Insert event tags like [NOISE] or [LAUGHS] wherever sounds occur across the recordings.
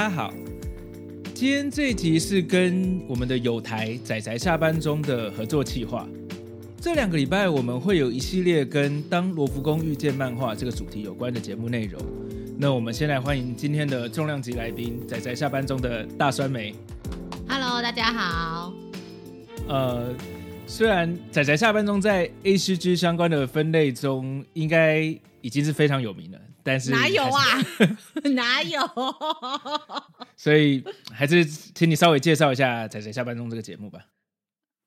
大家好，今天這集是跟我們的友台宅宅下班中的合作企劃。這兩個禮拜我們會有一系列跟《當羅浮宮遇見漫畫》這個主題有關的節目內容。那我們先來歡迎今天的重量級來賓——宅宅下班中的大酸梅。Hello，大家好。呃，雖然宅宅下班中在 A C G 相關的分類中應該。已經是非常有名了，但是，是哪有啊。 [LAUGHS] 哪有？所以還是請你稍微介紹一下《宅宅下班中》這個節目吧。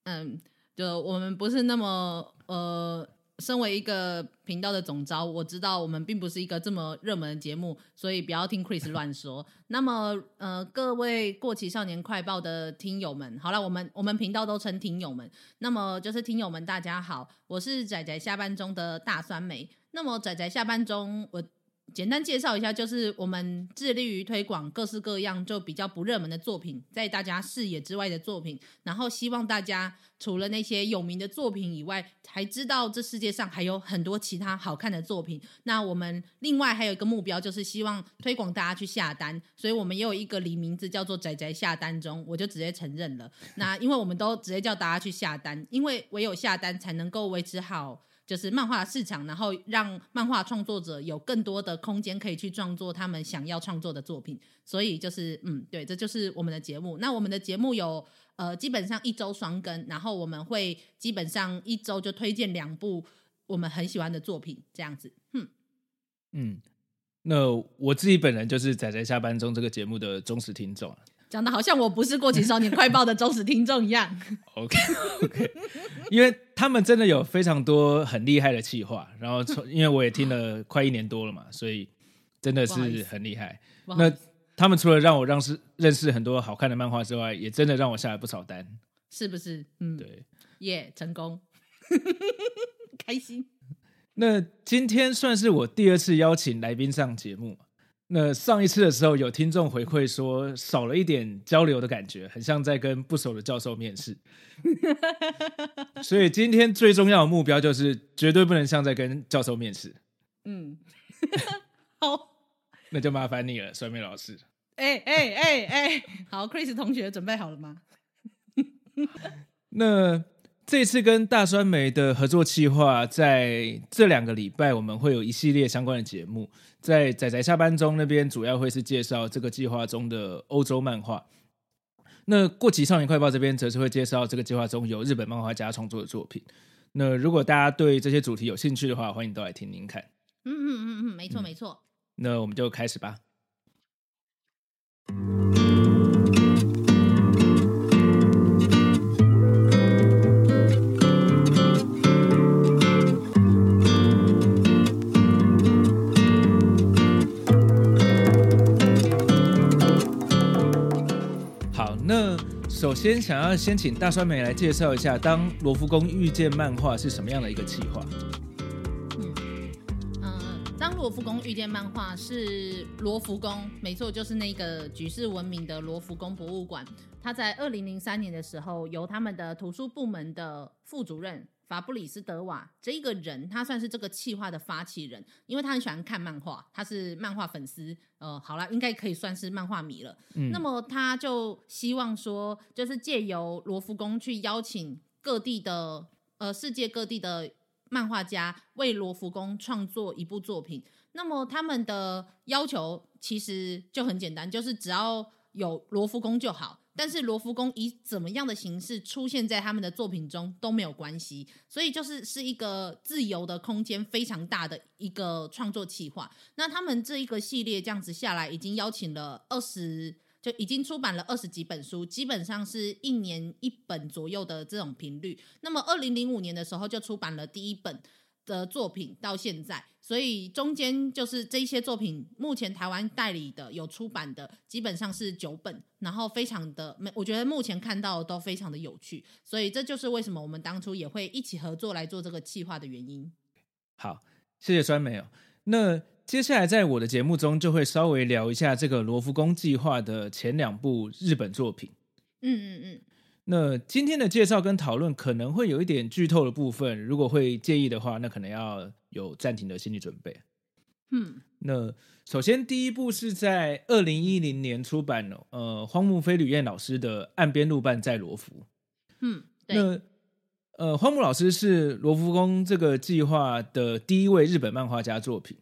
嗯，就我們不是那麼呃。身為一個頻道的總召，我知道我們並不是一個這麼熱門的節目，所以不要聽 Chris 亂說。 [LAUGHS] 那麼，呃，各位過期少年快報的聽友們，好了，我們我們頻道都稱聽友們，那麼就是聽友們，大家好，我是宅宅下班中的大酸梅。那麼宅宅下班中，我。簡單介紹一下，就是我們致力於推廣各式各樣，就比較不熱門的作品，在大家視野之外的作品，然後希望大家除了那些有名的作品以外，還知道這世界上還有很多其他好看的作品。那我們另外還有一個目標，就是希望推廣大家去下單，所以我們也有一個理名字叫做“宅宅下單中”，我就直接承認了。那因為我們都直接叫大家去下單，因為唯有下單才能夠維持好。就是漫畫市場，然後讓漫畫創作者有更多的空間可以去創作他們想要創作的作品。所以就是，嗯，對，這就是我們的節目。那我們的節目有，呃，基本上一周雙更，然後我們會基本上一周就推薦兩部我們很喜歡的作品，這樣子。嗯，嗯，那我自己本人就是《宅宅下班中》這個節目的忠實聽眾。講的好像我不是《過期少年快報》的忠實聽眾一樣。 [LAUGHS] [LAUGHS] OK OK，因為他們真的有非常多很厲害的企劃，然後因為我也聽了快一年多了嘛，所以真的是很厲害。那他們除了讓我是認識很多好看的漫畫之外，也真的讓我下了不少單，是不是？嗯，對，耶、yeah，成功， [LAUGHS] 開心。那今天算是我第二次邀請來賓上節目。那上一次的時候，有聽眾回饋說少了一點交流的感覺，很像在跟不熟的教授面試。 [LAUGHS] 所以今天最重要的目標就是絕對不能像在跟教授面試。嗯， [LAUGHS] 好， [LAUGHS] 那就麻煩你了，酸梅老師。哎哎哎哎，好，Chris 同學準備好了嗎？ [LAUGHS] 那。這次跟大酸梅的合作企劃，在這兩個禮拜我們會有一系列相關的節目，在宅宅下班中那邊主要會是介紹這個計劃中的歐洲漫畫，那過期少年快報這邊則是會介紹這個計劃中由日本漫畫家創作的作品。那如果大家對這些主題有興趣的話，歡迎都來聽聽看。嗯嗯嗯嗯，沒錯沒錯。那我們就開始吧。那首先想要先請大酸梅來介紹一下，當羅浮宮遇見漫畫是什麼樣的一個計劃？嗯、呃，當羅浮宮遇見漫畫是羅浮宮，沒錯，就是那個舉世聞名的羅浮宮博物館。它在二零零三年的時候，由他們的圖書部門的副主任，布里斯德瓦這一個人，他算是這個企劃的發起人，因為他很喜歡看漫畫，他是漫畫粉絲，呃，好了，應該可以算是漫畫迷了。嗯。那麼他就希望說，就是借由羅浮宮去邀請各地的，呃，世界各地的漫畫家為羅浮宮創作一部作品。那麼他們的要求其實就很簡單，就是只要有羅浮宮就好。但是羅浮宮以怎麼樣的形式出現在他們的作品中都沒有關係，所以就是是一個自由的空間非常大的一個創作企劃。那他們這一個系列這樣子下來，已經邀請了二十，就已經出版了二十幾本書，基本上是一年一本左右的這種頻率。那麼二零零五年的時候就出版了第一本的作品，到現在。所以中間就是這一些作品，目前台灣代理的有出版的，基本上是九本，然後非常的，沒我覺得目前看到都非常的有趣，所以這就是為什麼我們當初也會一起合作來做這個計劃的原因。好，謝謝酸梅哦。那接下來在我的節目中就會稍微聊一下這個羅浮宮計劃的前兩部日本作品。嗯嗯嗯。那今天的介紹跟討論可能會有一點劇透的部分，如果會介意的話，那可能要有暫停的心理準備。嗯，那首先第一部是在二零一零年出版的，呃，荒木飛呂彥老師的《岸邊露伴在羅浮》。嗯，對。那呃，荒木老師是羅浮宮這個計劃的第一位日本漫畫家作品，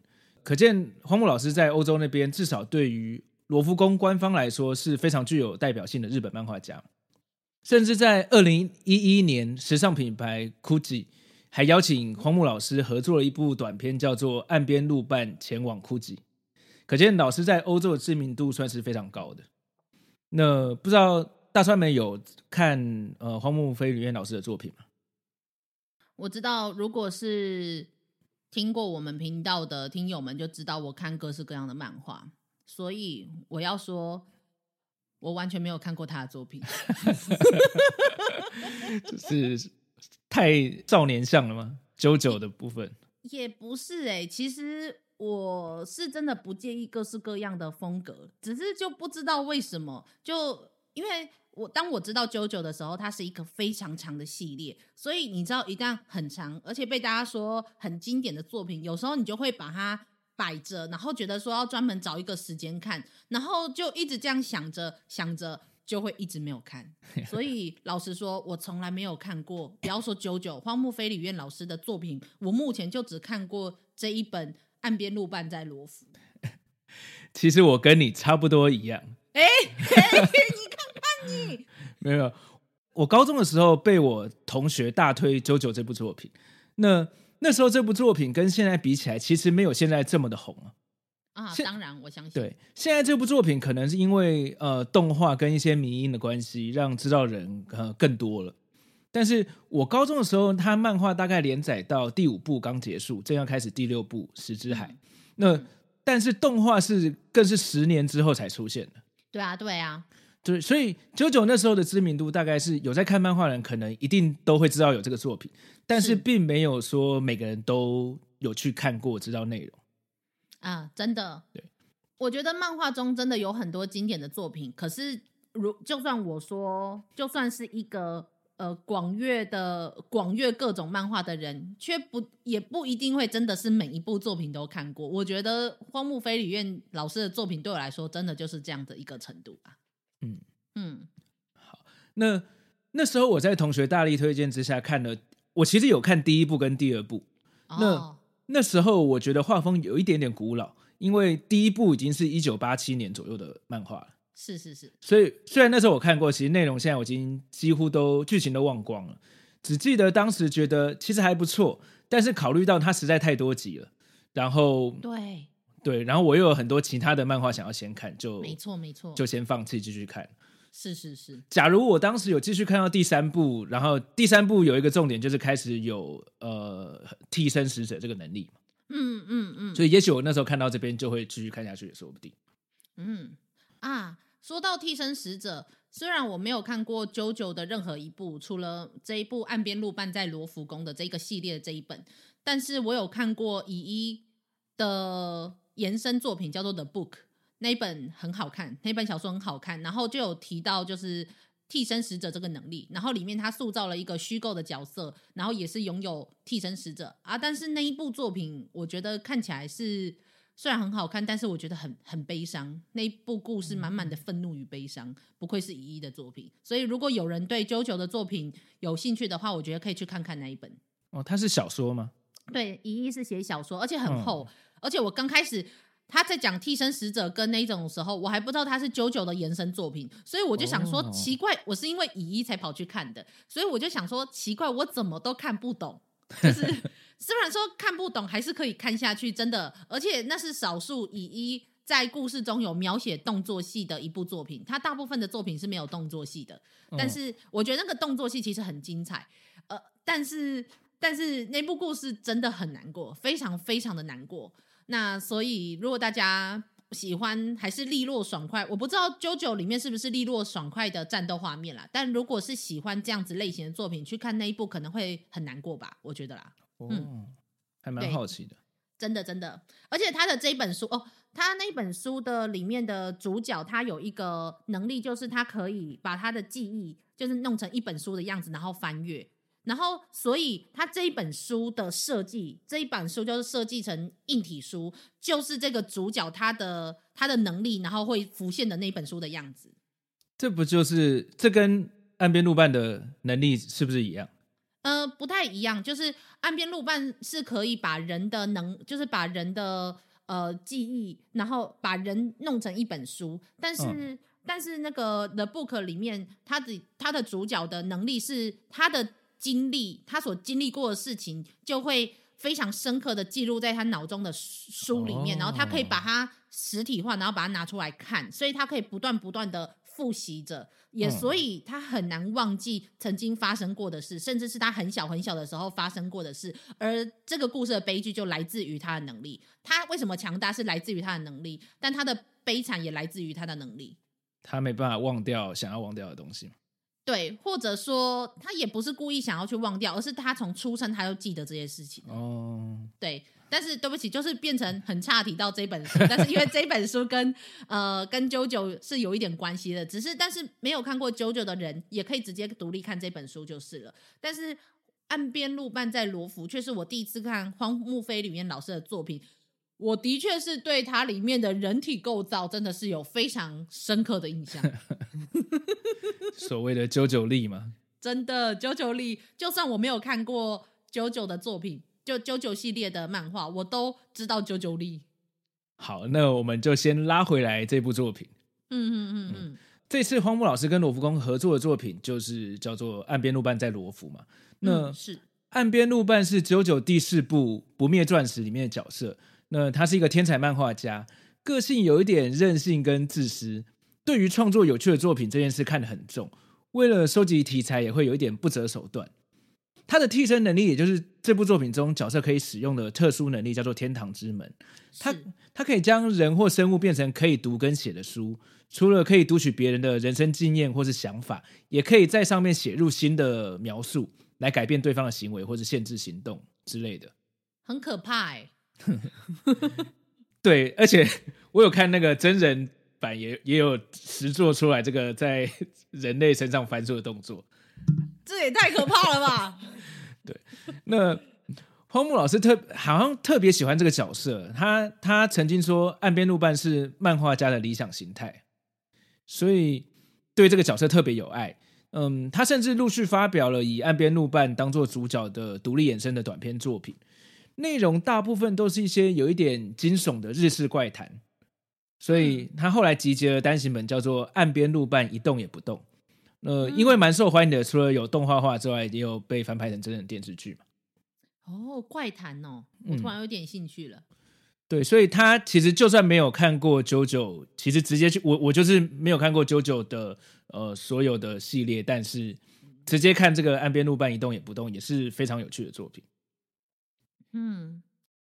可見荒木老師在歐洲那邊至少對於羅浮宮官方來說是非常具有代表性的日本漫畫家。甚至在二零一一年，時尚品牌 Gucci 還邀請荒木老師合作了一部短片，叫做《岸邊露伴前往 Gucci》。可見老師在歐洲的知名度算是非常高的。那不知道大酸梅有看呃荒木飛呂彥老師的作品嗎？我知道，如果是聽過我們頻道的聽友們就知道，我看各式各樣的漫畫，所以我要說。我完全沒有看過他的作品 [LAUGHS] [LAUGHS] [LAUGHS] 就是太少年相了嗎？JoJo 的部分也不是，欸、其實我是真的不介意各式各樣的風格，只是就不知道為什麼，就因為我當我知道 JoJo 的時候，它是一個非常長的系列，所以你知道一旦很長，而且被大家說很經典的作品，有時候你就會把它。擺着，然後覺得說要專門找一個時間看，然後就一直這樣想着想着，就會一直沒有看。所以老實說，我從來沒有看過。 [LAUGHS] 不要說 JOJO 荒木飛呂彥老師的作品，我目前就只看過這一本《岸邊露伴在羅浮》。其實我跟你差不多一樣。哎，你看看你， [LAUGHS] 沒有。我高中的時候被我同學大推 JOJO 這部作品，那。那時候這部作品跟現在比起來，其實沒有現在這麼的紅啊！啊，當然我相信。對，現在這部作品可能是因為呃動畫跟一些迷因的關係，讓知道人呃更多了。但是我高中的時候，它漫畫大概連載到第五部剛結束，正要開始第六部《石之海》那。那、嗯、但是動畫是更是十年之後才出現的。對啊，對啊。對，所以九九那時候的知名度大概是有在看漫畫的人，可能一定都會知道有這個作品，但是並沒有說每個人都，有去看過知道內容啊，真的。對，我覺得漫畫中真的有很多經典的作品，可是如就算我說，就算是一個呃，廣越的廣越各種漫畫的人，卻不也不一定會真的是每一部作品都看過。我覺得荒木飛呂彥老師的作品對我來說，真的就是這樣的一個程度吧。嗯嗯，好，那那時候我在同學大力推薦之下看了，我其實有看第一部跟第二部。那、哦、那時候我覺得畫風有一點點古老，因為第一部已經是一九八七年左右的漫畫了。是是是，所以雖然那時候我看過，其實內容現在我已經幾乎都劇情都忘光了，只記得當時覺得其實還不錯，但是考慮到它實在太多集了，然後對。對，然後我又有很多其他的漫畫想要先看，就沒錯沒錯，就先放棄繼續看。是是是，假如我當時有繼續看到第三部，然後第三部有一個重點就是開始有呃替身使者這個能力，嗯嗯嗯，所以也許我那時候看到這邊就會繼續看下去，也說不定。嗯啊，說到替身使者，雖然我沒有看過 JoJo 的任何一部，除了這一部《岸邊露伴在羅浮宮》的這個系列的這一本，但是我有看過乙一的延伸作品叫做《The Book》，那一本很好看，那一本小說很好看，然後就有提到就是替身使者這個能力，然後裡面他塑造了一個虛構的角色，然後也是擁有替身使者啊。但是那一部作品，我覺得看起來是雖然很好看，但是我覺得很很悲傷，那一部故事滿滿的憤怒與悲傷，不愧是乙一的作品。所以如果有人對 JoJo 的作品有興趣的話，我覺得可以去看看那一本。哦，它是小說嗎？對，乙一是寫小說，而且很厚。嗯而且我剛開始他在講替身使者跟那種的時候，我還不知道他是 JOJO 的延伸作品，所以我就想說，oh. 奇怪，我是因為乙一才跑去看的，所以我就想說奇怪，我怎麼都看不懂，就是 [LAUGHS] 雖然說看不懂，還是可以看下去，真的。而且那是少數乙一在故事中有描寫動作戲的一部作品，他大部分的作品是沒有動作戲的，但是我覺得那個動作戲其實很精彩，呃，但是但是那部故事真的很難過，非常非常的難過。那所以，如果大家喜歡還是利落爽快，我不知道《JoJo》裡面是不是利落爽快的戰鬥畫面啦。但如果是喜歡這樣子類型的作品，去看那一部可能會很難過吧，我覺得啦。哦、嗯，還蠻好奇的。真的真的，而且他的這一本書哦，他那本書的裡面的主角，他有一個能力，就是他可以把他的記憶，就是弄成一本書的樣子，然後翻閱。然後，所以他這一本書的設計，這一本書就是設計成硬體書，就是這個主角他的他的能力，然後會浮現的那本書的樣子。這不就是這跟岸邊露伴的能力是不是一樣？呃，不太一樣。就是岸邊露伴是可以把人的能，就是把人的呃記憶，然後把人弄成一本書。但是，嗯、但是那個 The Book 裡面，他的他的主角的能力是他的。經歷他所經歷過的事情，就會非常深刻的記錄在他腦中的書裡面，然後他可以把它實體化，然後把它拿出來看，所以他可以不斷不斷的複習着，也所以他很難忘記曾經發生過的事，嗯，甚至是他很小很小的時候發生過的事。而這個故事的悲劇就來自於他的能力，他為什麼強大是來自於他的能力，但他的悲慘也來自於他的能力。他沒辦法忘掉想要忘掉的東西。對，或者說他也不是故意想要去忘掉，而是他從出生他就記得這些事情。哦、oh.，對，但是對不起，就是變成很岔題到這本書，但是因為這本書跟 [LAUGHS] 呃跟 JoJo 是有一點關係的，只是但是沒有看過 JoJo 的人也可以直接獨立看這本書就是了。但是岸邊露伴在羅浮卻是我第一次看荒木飛呂彥老師的作品。我的確是對它裡面的人體構造真的是有非常深刻的印象。 [LAUGHS] 所謂的九九力嘛， [LAUGHS] 真的九九力，就算我沒有看過九九的作品，就九九系列的漫畫，我都知道九九力。好，那我們就先拉回來這部作品。嗯嗯嗯嗯，嗯，這次荒木老師跟羅浮宮合作的作品就是叫做《岸邊露伴在羅浮》嘛。那、嗯、是岸邊露伴是九九第四部《不滅鑽石》裡面的角色。那、呃、他是一個天才漫畫家，個性有一點任性跟自私，對於創作有趣的作品這件事看得很重。為了收集題材，也會有一點不擇手段。他的替身能力，也就是這部作品中角色可以使用的特殊能力，叫做“天堂之門”。他他可以將人或生物變成可以讀跟寫的書，除了可以讀取別人的人生經驗或是想法，也可以在上面寫入新的描述，來改變對方的行為或是限制行動之類的。很可怕欸。 [LAUGHS] 對，而且我有看那個真人版也，也也有實作出來這個在人類身上翻書的動作，這也太可怕了吧！ [LAUGHS] 對，那荒木老師特好像特別喜歡這個角色，他他曾經說岸邊露伴是漫畫家的理想形態，所以對這個角色特別有愛。嗯，他甚至陸續發表了以岸邊露伴當做主角的獨立衍生的短篇作品。內容大部分都是一些有一點驚悚的日式怪談，所以他後來集結了單行本叫做《岸邊露伴一動也不動》。呃、嗯、因為蠻受歡迎的，除了有動畫化之外，也有被翻拍成真人電視劇嘛。哦，怪談哦、嗯，我突然有點興趣了。對，所以他其實就算沒有看過 JoJo，其實直接去我我就是沒有看過 JoJo 的呃所有的系列，但是直接看這個《岸邊露伴一動也不動》也是非常有趣的作品。嗯，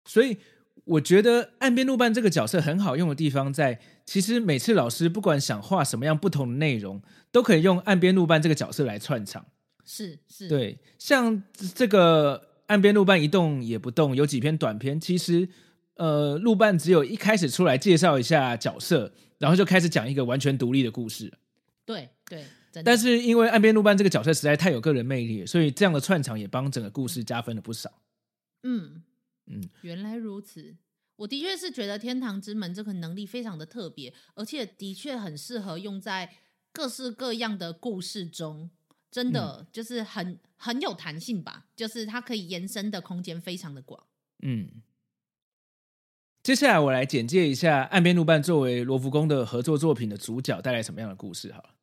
所以我覺得岸邊露伴這個角色很好用的地方在，其實每次老師不管想畫什麼樣不同的內容，都可以用岸邊露伴這個角色來串場。是是，對，像這個岸邊露伴一動也不動，有幾篇短篇，其實呃，露伴只有一開始出來介紹一下角色，然後就開始講一個完全獨立的故事。對對，但是因為岸邊露伴這個角色實在太有個人魅力了，所以這樣的串場也幫整個故事加分了不少。嗯嗯，原來如此。我的確是覺得天堂之門這個能力非常的特別，而且的確很適合用在各式各樣的故事中。真的就是很很有彈性吧，就是它可以延伸的空間非常的廣。嗯，接下來我來簡介一下《岸邊露伴》作為羅浮宮的合作作品的主角帶來什麼樣的故事，好了。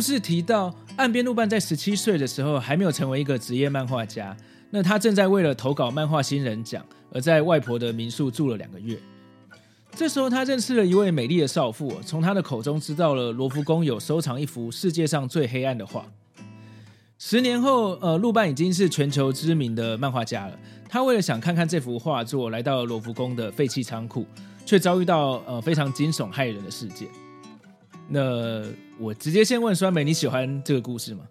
故事提到，岸邊露伴在十七歲的時候還沒有成為一個職業漫畫家。那他正在為了投稿漫畫新人獎，而在外婆的民宿住了兩個月。這時候，他認識了一位美麗的少婦，從她的口中知道了羅浮宮有收藏一幅世界上最黑暗的畫。十年後，呃，露伴已經是全球知名的漫畫家了。他為了想看看這幅畫作，來到了羅浮宮的廢棄倉庫，卻遭遇到呃非常驚悚駭人的事件。那。我直接先問酸梅，你喜歡這個故事嗎？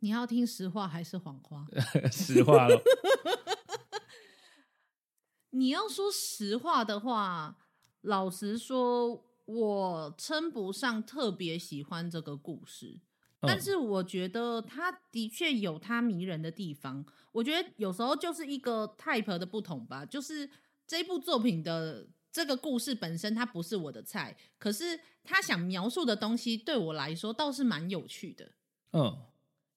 你要聽實話還是謊話？ [LAUGHS] 實話咯。咯笑你要說實話的話，老實說，我稱不上特別喜歡這個故事，嗯、但是我覺得它的確有它迷人的地方。我覺得有時候就是一個 type 的不同吧，就是這部作品的。這個故事本身它不是我的菜，可是他想描述的東西對我來說倒是蠻有趣的。嗯、oh.，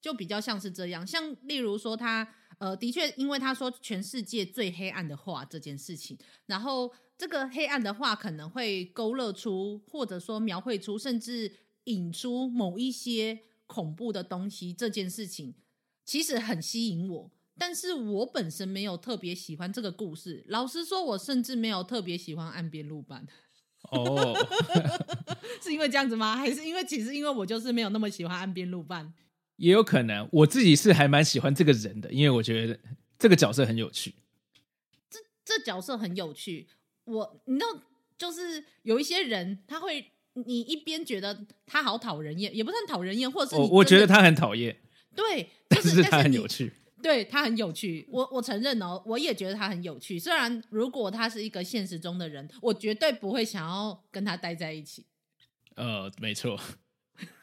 就比較像是這樣，像例如說他，呃，的確，因為他說全世界最黑暗的畫這件事情，然後這個黑暗的畫可能會勾勒出，或者說描繪出，甚至引出某一些恐怖的東西這件事情，其實很吸引我。但是我本身沒有特別喜歡這個故事，老實說，我甚至沒有特別喜歡岸邊露伴。哦、oh. [LAUGHS] 是因為這樣子嗎？還是因為其實因為我就是沒有那麼喜歡岸邊露伴？也有可能，我自己是還蠻喜歡這個人的，因為我覺得這個角色很有趣。這這角色很有趣，我你知道，就是有一些人他會，你一邊覺得他好討人厭，也不算討人厭，或者是我、就是 oh, 我覺得他很討厭，對、就是，但是他很有趣。對，他很有趣，我我承認哦，我也覺得他很有趣。雖然如果他是一個現實中的人，我絕對不會想要跟他待在一起。呃，沒錯， [LAUGHS]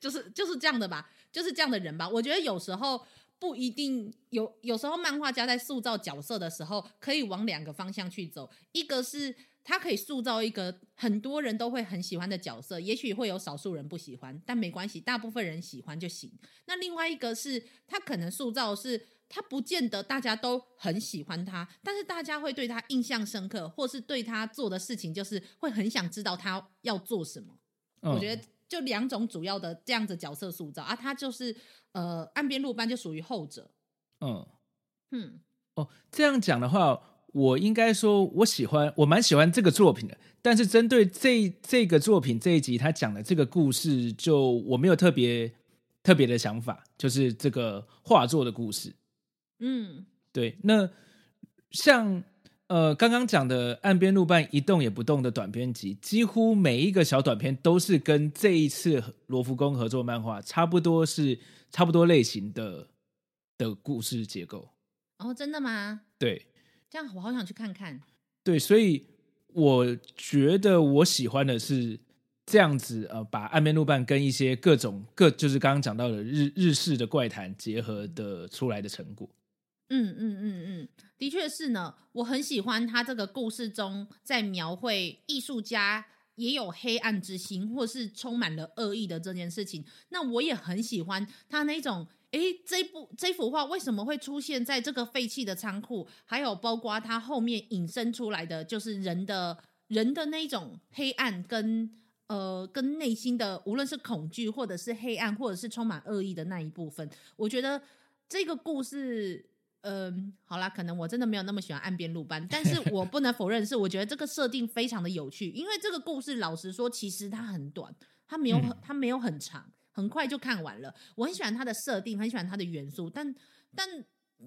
就是就是這樣的吧，就是這樣的人吧。我覺得有時候不一定有，有時候漫畫家在塑造角色的時候，可以往兩個方向去走，一個是。他可以塑造一個很多人都會很喜歡的角色，也許會有少數人不喜歡，但沒關係，大部分人喜歡就行。那另外一個是他可能塑造的是，他不見得大家都很喜歡他，但是大家會對他印象深刻，或是對他做的事情，就是會很想知道他要做什麼。哦、我覺得就兩種主要的這樣子角色塑造，而、啊、他就是呃，岸邊露伴就屬於後者。哦嗯，嗯，哦，這樣講的話。我應該說，我喜歡，我蠻喜歡這個作品的。但是針對這這個作品這一集，他講的這個故事，就我沒有特別特別的想法，就是這個畫作的故事。嗯，對。那像呃，剛剛講的岸邊露伴一動也不動的短篇集，幾乎每一個小短片都是跟這一次羅浮宮合作漫畫差不多，是差不多類型的的故事結構。哦，真的嗎？對。這樣我好想去看看。對，所以我覺得我喜歡的是這樣子，呃，把岸邊露伴跟一些各種各就是剛剛講到的日日式的怪談結合，的出來的成果。嗯嗯嗯嗯，的確是呢。我很喜歡他這個故事中在描繪藝術家也有黑暗之心或是充滿了惡意的這件事情。那我也很喜歡他那種。誒，這部這幅畫為什麼會出現在這個廢棄的倉庫？還有包括它後面引申出來的，就是人的人的那一種黑暗跟呃跟內心的，無論是恐懼或者是黑暗，或者是充滿惡意的那一部分。我覺得這個故事，嗯、呃，好啦，可能我真的沒有那麼喜歡岸邊露伴，但是我不能否認是， [LAUGHS] 我覺得這個設定非常的有趣。因為這個故事，老實說，其實它很短，它沒有它沒有很長。很快就看完了，我很喜歡它的設定，很喜歡它的元素，但但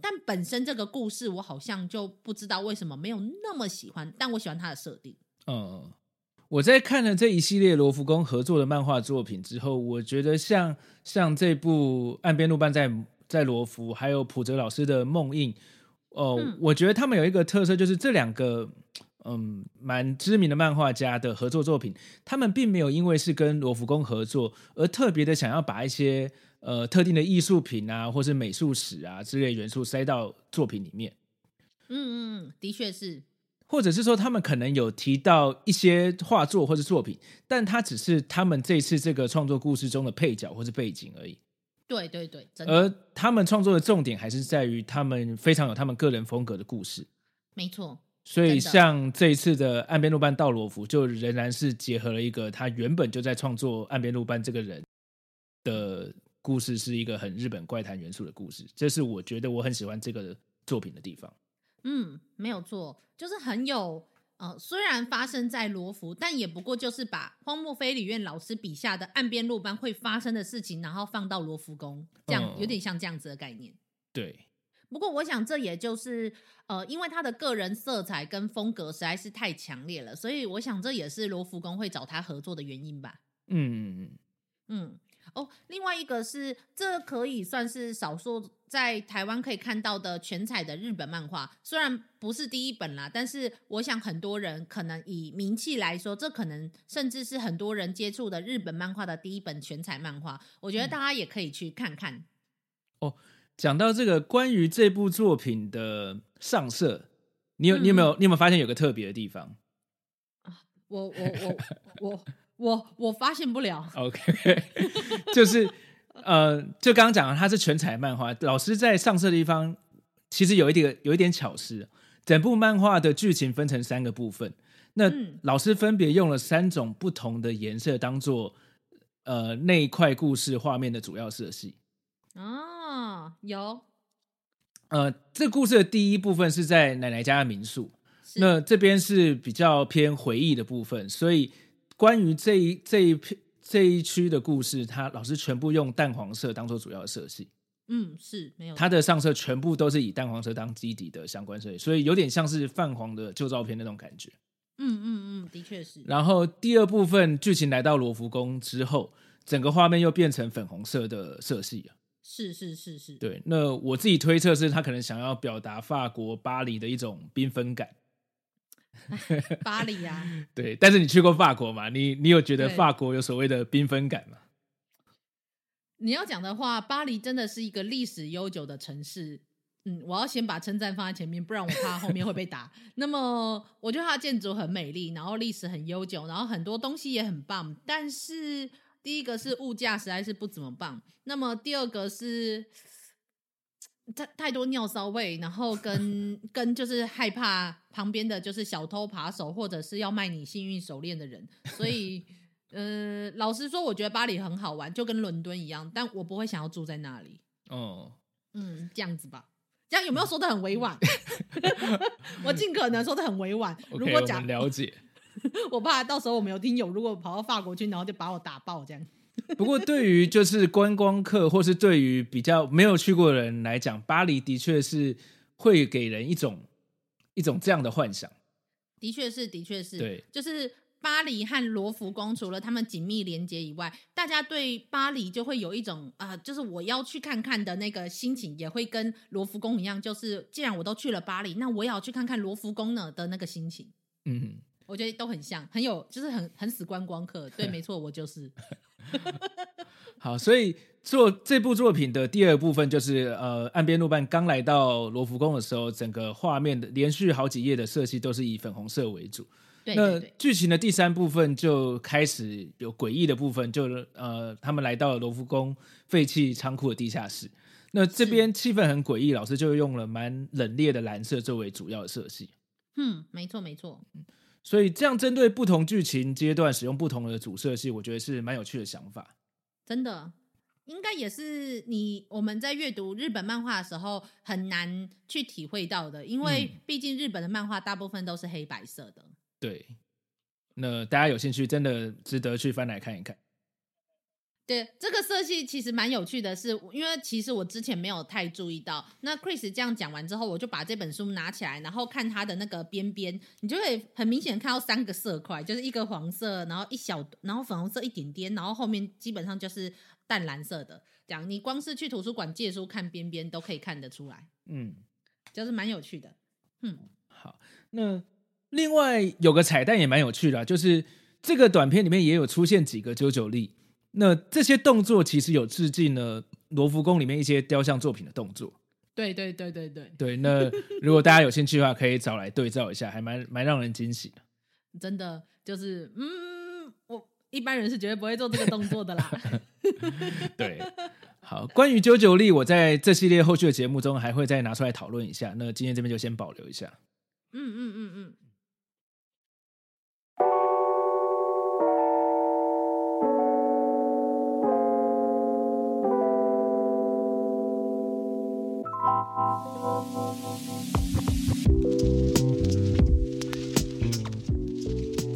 但本身這個故事我好像就不知道為什麼沒有那麼喜歡，但我喜歡它的設定。嗯，我在看了這一系列羅浮宮合作的漫畫作品之後，我覺得像像這部《岸邊露伴在在羅浮》，還有浦澤老師的《夢印》，哦、呃嗯，我覺得他們有一個特色，就是這兩個。嗯，蠻知名的漫畫家的合作作品，他們並沒有因為是跟羅浮宮合作而特別的想要把一些呃特定的藝術品啊，或是美術史啊之類元素塞到作品裡面。嗯嗯，的確是。或者是說，他們可能有提到一些畫作或是作品，但他只是他們這次這個創作故事中的配角或是背景而已。對對對，而他們創作的重點還是在於他們非常有他們個人風格的故事。沒錯。所以，像這一次的《岸邊露伴到羅浮》，就仍然是結合了一個他原本就在創作《岸邊露伴》這個人的故事，是一個很日本怪談元素的故事。這是我覺得我很喜歡這個作品的地方。嗯，沒有錯，就是很有呃，雖然發生在羅浮，但也不過就是把荒木飛呂彥老師筆下的岸邊露伴會發生的事情，然後放到羅浮宮，這樣、嗯、有點像這樣子的概念。對。不過，我想這也就是，呃，因為他的個人色彩跟風格實在是太強烈了，所以我想這也是羅浮宮會找他合作的原因吧。嗯嗯嗯嗯。哦，另外一個是，這可以算是少數在台灣可以看到的全彩的日本漫畫，雖然不是第一本啦，但是我想很多人可能以名氣來說，這可能甚至是很多人接觸的日本漫畫的第一本全彩漫畫，我覺得大家也可以去看看。嗯、哦。講到這個關於這部作品的上色，你有你有沒有、嗯、你有沒有發現有個特別的地方？我我我 [LAUGHS] 我我我發現不了。OK，就是 [LAUGHS] 呃，就剛剛講的，它是全彩漫畫。老師在上色的地方其實有一點有一點巧思，整部漫畫的劇情分成三個部分，那、嗯、老師分別用了三種不同的顏色當做呃那一塊故事畫面的主要色系啊。啊、有，呃，這故事的第一部分是在奶奶家的民宿，那這邊是比較偏回憶的部分，所以關於這一這一片這一區的故事，它老師全部用淡黃色當做主要的色系。嗯，是，沒有，它的上色全部都是以淡黃色當基底的相關色系，所以有點像是泛黃的舊照片那種感覺。嗯嗯嗯，的確是。然後第二部分劇情來到羅浮宮之後，整個畫面又變成粉紅色的色系了。是是是是，對。那我自己推測是他可能想要表達法國巴黎的一種繽紛感。 [LAUGHS] 巴黎啊，對。但是你去過法國嗎？你你有覺得法國有所謂的繽紛感嗎？你要講的話，巴黎真的是一個歷史悠久的城市。嗯，我要先把稱讚放在前面，不然我怕後面會被打。 [LAUGHS] 那麼，我覺得它的建築很美麗，然後歷史很悠久，然後很多東西也很棒。但是。第一個是物價實在是不怎麼棒，那麼第二個是太太多尿騷味，然後跟跟就是害怕旁邊的就是小偷扒手或者是要賣你幸運手鏈的人，所以，呃，老實說我覺得巴黎很好玩，就跟倫敦一樣，但我不會想要住在那裡。哦，嗯，這樣子吧，這樣有沒有說得很委婉？嗯， [LAUGHS] 我盡可能說得很委婉。Okay, 如果講了解。 [LAUGHS] 我怕到時候我沒有聽懂，如果跑到法國去，然後就把我打爆這樣。不過，對於就是觀光客，或是對於比較沒有去過的人來講，巴黎的確是會給人一種一種這樣的幻想。的確是，的確是，對，就是巴黎和羅浮宮除了他們緊密連接以外，大家對巴黎就會有一種啊、呃，就是我要去看看的那個心情，也會跟羅浮宮一樣，就是既然我都去了巴黎，那我也要去看看羅浮宮呢的那個心情。嗯。我覺得都很像，很有，就是很很死觀光客。對，沒錯，我就是。 [LAUGHS] 好，所以做這部作品的第二部分就是，呃，岸邊露伴剛來到羅浮宮的時候，整個畫面的連續好幾頁的色系都是以粉紅色為主。對對對。那劇情的第三部分就開始有詭異的部分，就呃，他們來到了羅浮宮廢棄倉庫的地下室。那這邊氣氛很詭異，老師就用了蠻冷冽的藍色作為主要的色系。嗯，沒錯，沒錯。所以這樣針對不同劇情階段使用不同的主色系，我覺得是蠻有趣的想法。真的，應該也是你我們在閱讀日本漫畫的時候很難去體會到的，因為畢竟日本的漫畫大部分都是黑白色的。嗯，對，那大家有興趣，真的值得去翻來看一看。對，這個色系其實蠻有趣的是，是因為其實我之前沒有太注意到。那 Chris 這樣講完之後，我就把這本書拿起來，然後看它的那個邊邊，你就會很明顯看到三個色塊，就是一個黃色，然後一小，然後粉紅色一點點，然後後面基本上就是淡藍色的。這樣你光是去圖書館借書看邊邊都可以看得出來，嗯，就是蠻有趣的。嗯，好，那另外有個彩蛋也蠻有趣的啊，就是這個短片裡面也有出現幾個九九力。那這些動作其實有致敬了羅浮宮裡面一些雕像作品的動作。對對對對對。對，那如果大家有興趣的話，可以找來對照一下，還蠻蠻讓人驚喜的。真的就是，嗯，我一般人是絕對不會做這個動作的啦。 [LAUGHS] 對，好，關於九九力，我在這系列後續的節目中還會再拿出來討論一下。那今天這邊就先保留一下。嗯嗯嗯嗯。嗯嗯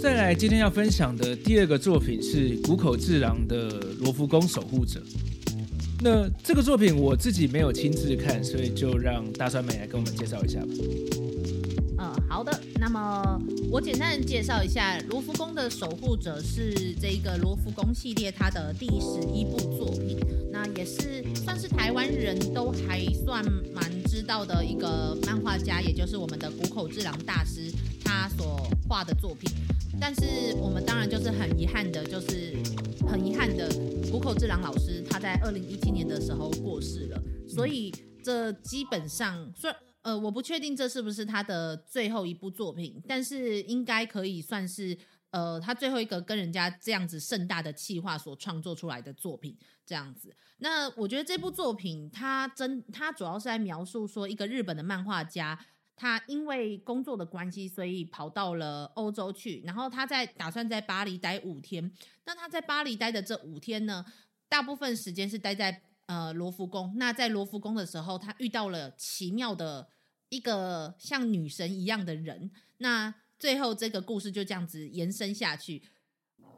再來，今天要分享的第二個作品是谷口治郎的《羅浮宮守護者》。那這個作品我自己沒有親自看，所以就讓大酸梅來跟我們介紹一下吧。好的，那麼我簡單的介紹一下，《羅浮宮的守護者》是這一個《羅浮宮》系列他的第十一部作品，那也是算是台灣人都還算蠻知道的一個漫畫家，也就是我們的谷口治郎大師他所畫的作品。但是我們當然就是很遺憾的，就是很遺憾的，谷口治郎老師他在二零一七年的時候過世了，所以這基本上算。呃，我不確定這是不是他的最後一部作品，但是應該可以算是呃，他最後一個跟人家這樣子盛大的企劃所創作出來的作品這樣子。那我覺得這部作品，它真，它主要是來描述說一個日本的漫畫家，他因為工作的關係，所以跑到了歐洲去，然後他在打算在巴黎待五天。那他在巴黎待的這五天呢，大部分時間是待在。呃，羅浮宮。那在羅浮宮的時候，他遇到了奇妙的一個像女神一樣的人。那最後這個故事就這樣子延伸下去。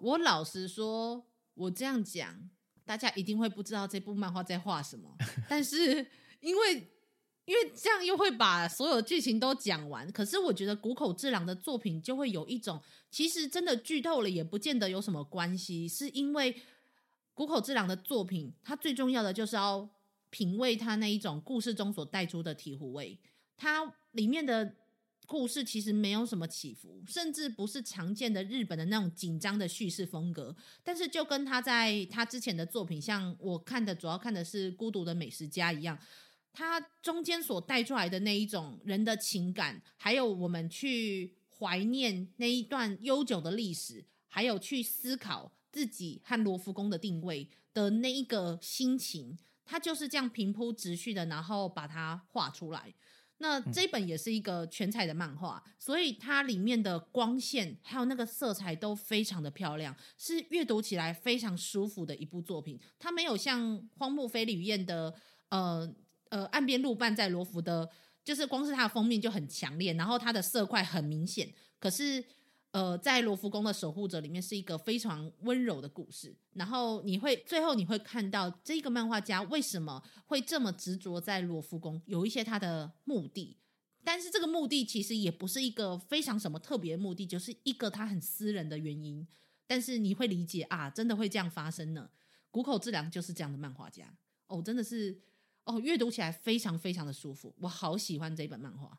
我老實說，我這樣講，大家一定會不知道這部漫畫在畫什麼。但是因為因為這樣又會把所有劇情都講完。可是我覺得谷口治郎的作品就會有一種，其實真的劇透了也不見得有什麼關係，是因為。谷口治郎的作品，它最重要的就是要品味它那一種故事中所帶出的醍醐味。它裡面的故事其實沒有什麼起伏，甚至不是常見的日本的那種緊張的敘事風格。但是，就跟他在他之前的作品，像我看的主要看的是《孤獨的美食家》一樣，它中間所帶出來的那一種人的情感，還有我們去懷念那一段悠久的歷史，還有去思考，自己和羅浮宮的定位的那一個心情，他就是這樣平鋪直敘的，然後把它畫出來。那這本也是一個全彩的漫畫，所以它裡面的光線還有那個色彩都非常的漂亮，是閱讀起來非常舒服的一部作品。它沒有像荒木飛呂彥的呃呃岸邊露伴在羅浮的，就是光是它的封面就很強烈，然後它的色塊很明顯，可是，呃，在羅浮宮的守護者裡面是一個非常溫柔的故事，然後你會最後你會看到這個漫畫家為什麼會這麼執着在羅浮宮，有一些他的目的，但是這個目的其實也不是一個非常什麼特別的目的，就是一個他很私人的原因，但是你會理解啊，真的會這樣發生呢。谷口治郎就是這樣的漫畫家哦，真的是哦，閱讀起來非常非常的舒服，我好喜歡這一本漫畫，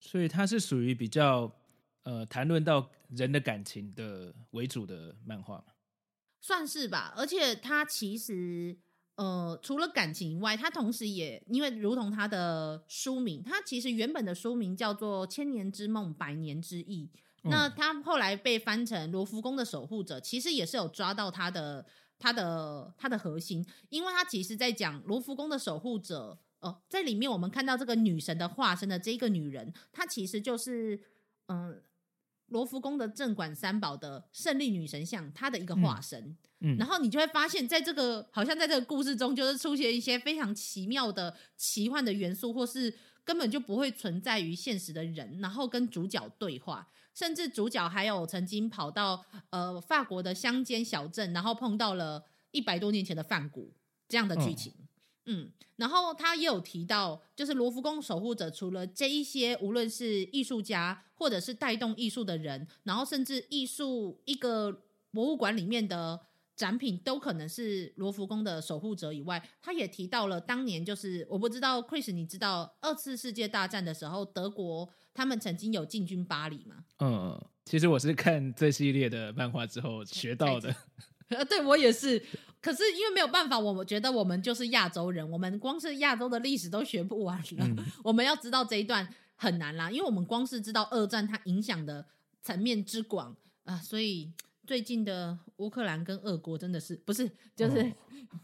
所以它是屬於比較。呃，談論到人的感情的為主的漫畫算是吧。而且它其實呃，除了感情以外，它同時也因為如同他的書名，它其實原本的書名叫做《千年之夢，百年之翼》。那他後來被翻成《羅浮宮的守護者》，其實也是有抓到他的他的他的核心，因為他其實在講《羅浮宮的守護者》呃。哦，在裡面我們看到這個女神的化身的這個女人，她其實就是嗯。呃羅浮宮的鎮館三寶的勝利女神像，她的一個化身嗯。嗯，然後你就會發現，在這個好像在這個故事中，就是出現一些非常奇妙的、奇幻的元素，或是根本就不會存在於現實的人，然後跟主角對話。甚至主角還有曾經跑到呃法國的鄉間小鎮，然後碰到了一百多年前的梵谷這樣的劇情。哦嗯，然後他也有提到，就是羅浮宮守護者除了這一些，無論是藝術家或者是帶動藝術的人，然後甚至藝術一個博物館裡面的展品，都可能是羅浮宮的守護者以外，他也提到了當年就是，我不知道 Chris，你知道二次世界大戰的時候，德國他們曾經有進軍巴黎嗎？嗯，其實我是看這系列的漫畫之後學到的， [LAUGHS] 對，我也是。 [LAUGHS] 可是因為沒有辦法，我覺得我們就是亞洲人，我們光是亞洲的歷史都學不完了、嗯。我們要知道這一段很難啦，因為我們光是知道二戰它影響的層面之廣啊，所以最近的烏克蘭跟俄國真的是不是就是、哦、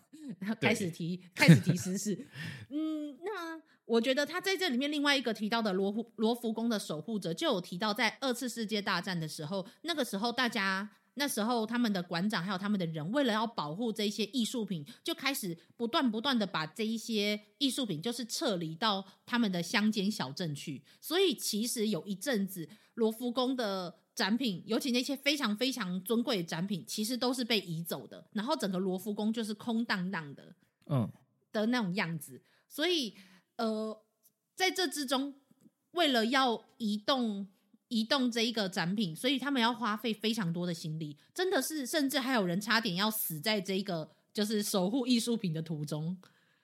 開始提開始提時事？ [LAUGHS] 嗯，那我覺得他在這裡面另外一個提到的羅浮羅浮宮的守護者就有提到，在二次世界大戰的時候，那個時候大家。那時候，他們的館長還有他們的人，為了要保護這些藝術品，就開始不斷不斷的把這一些藝術品，就是撤離到他們的鄉間小鎮去。所以，其實有一陣子，羅浮宮的展品，尤其那些非常非常尊貴的展品，其實都是被移走的。然後，整個羅浮宮就是空蕩蕩的，嗯，的那種樣子。所以，呃，在這之中，為了要移動。移動這一個展品，所以他們要花費非常多的心力，真的是，甚至還有人差點要死在這一個就是守護藝術品的途中。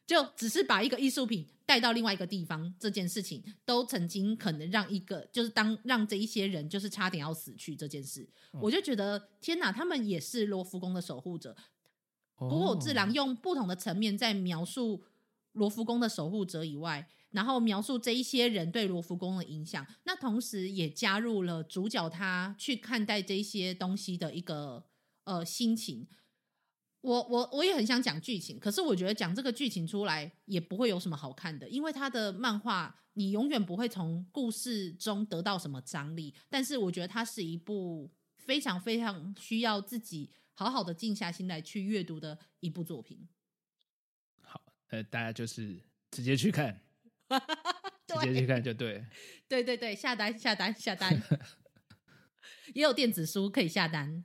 就只是把一個藝術品帶到另外一個地方，這件事情都曾經可能讓一個就是當讓這一些人就是差點要死去這件事，哦、我就覺得天哪，他們也是羅浮宮的守護者。不、哦、過，谷口治郎用不同的層面在描述羅浮宮的守護者以外。然後描述這一些人對羅浮宮的影響，那同時也加入了主角他去看待這些東西的一個呃心情。我我我也很想講劇情，可是我覺得講這個劇情出來也不會有什麼好看的，因為他的漫畫你永遠不會從故事中得到什麼張力。但是我覺得它是一部非常非常需要自己好好的靜下心來去閱讀的一部作品。好，呃，大家就是直接去看。直接去看就對，對對對，下單下單下單，下單 [LAUGHS] 也有電子書可以下單，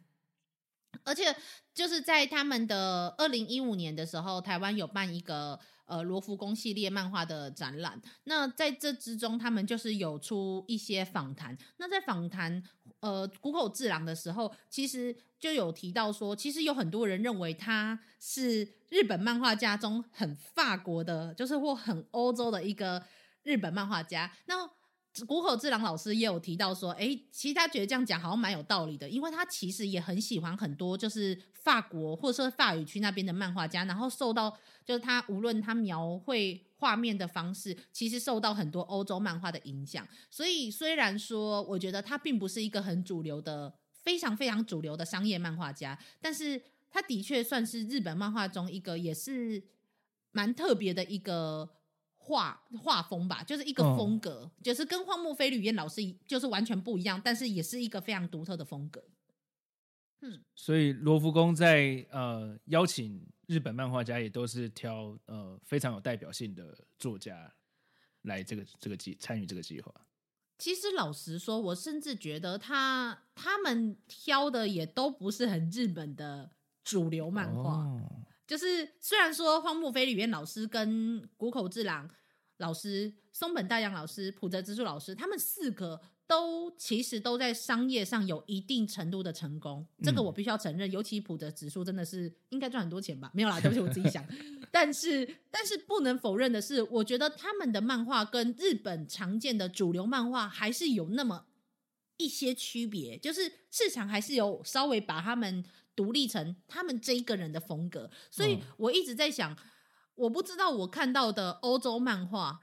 [LAUGHS] 而且就是在他們的二零一五年的時候，台灣有辦一個。呃，羅浮宮系列漫畫的展覽，那在這之中，他們就是有出一些訪談。那在訪談呃谷口治郎的時候，其實就有提到說，其實有很多人認為他是日本漫畫家中很法國的，就是或很歐洲的一個日本漫畫家。那谷口治郎老師也有提到說：“哎、欸，其實他覺得這樣講好像蠻有道理的，因為他其實也很喜歡很多就是法國或者說法語區那邊的漫畫家，然後受到就是他無論他描繪畫面的方式，其實受到很多歐洲漫畫的影響。所以雖然說我覺得他並不是一個很主流的、非常非常主流的商業漫畫家，但是他的確算是日本漫畫中一個也是蠻特別的一個。”畫畫風吧，就是一個風格，哦、就是跟荒木飛呂彥老師就是完全不一樣，但是也是一個非常獨特的風格。嗯、所以羅浮宮在呃邀請日本漫畫家，也都是挑呃非常有代表性的作家來這個這個計參與這個計劃。其實老實說，我甚至覺得他他們挑的也都不是很日本的主流漫畫。哦就是雖然說荒木飛呂彥老師、跟谷口治郎老師、松本大洋老師、浦澤直樹老師，他們四個都其實都在商業上有一定程度的成功，這個我必須要承認。尤其浦澤直樹真的是應該賺很多錢吧？沒有啦，對不起，我自己想。但是但是不能否認的是，我覺得他們的漫畫跟日本常見的主流漫畫還是有那麼一些區別，就是市場還是有稍微把他們。獨立成他們這一個人的風格，所以我一直在想，我不知道我看到的歐洲漫畫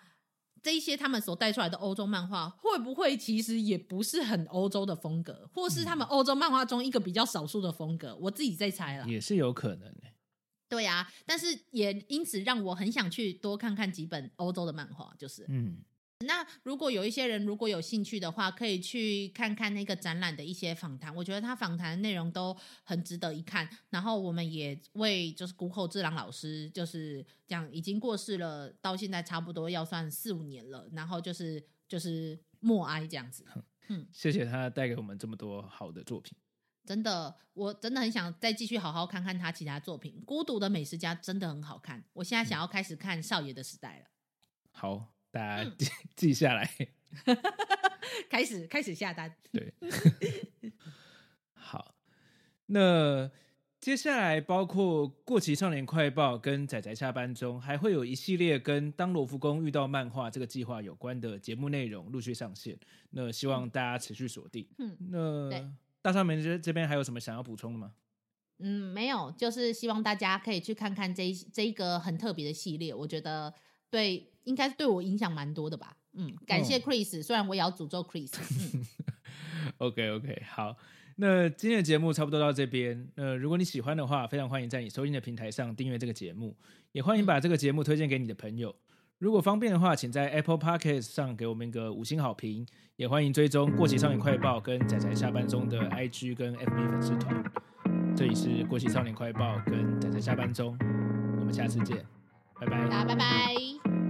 這一些，他們所帶出來的歐洲漫畫會不會其實也不是很歐洲的風格，或是他們歐洲漫畫中一個比較少數的風格？我自己在猜了，也是有可能的。對呀、啊，但是也因此讓我很想去多看看幾本歐洲的漫畫，就是嗯。那如果有一些人如果有興趣的話，可以去看看那個展覽的一些訪談。我覺得他訪談的內容都很值得一看。然後我們也為就是谷口治郎老師就是講已經過世了，到現在差不多要算四五年了。然後就是就是默哀這樣子。謝謝他帶給我們這麼多好的作品。嗯，真的，我真的很想再繼續好好看看他其他作品，《孤獨的美食家》真的很好看。我現在想要開始看《少爺的時代》了。好。大家記記下來， [LAUGHS] 開始開始下單。對， [LAUGHS] 好。那接下來包括《過期少年快報》跟《宅宅下班中》，還會有一系列跟《當羅浮宮遇到漫畫》這個計劃有關的節目內容陸續上線。那希望大家持續鎖定。嗯，那大酸梅這邊還有什麼想要補充的嗎？嗯，沒有，就是希望大家可以去看看這一這一個很特別的系列。我覺得。對，應該是對我影響蠻多的吧。嗯，感謝 Chris，oh。雖然我也要詛咒 Chris、嗯。 [LAUGHS] OK OK，好，那今天的節目差不多到這邊。呃，如果你喜歡的話，非常歡迎在你收聽的平台上訂閱這個節目，也歡迎把這個節目推薦給你的朋友、嗯。如果方便的話，請在 Apple Podcast 上給我們一個五星好評，也歡迎追蹤《過期少年快報》跟宅宅下班中的 IG 跟 FB 粉絲團。這裡是《過期少年快報》跟宅宅下班中，我們下次見。大家拜拜。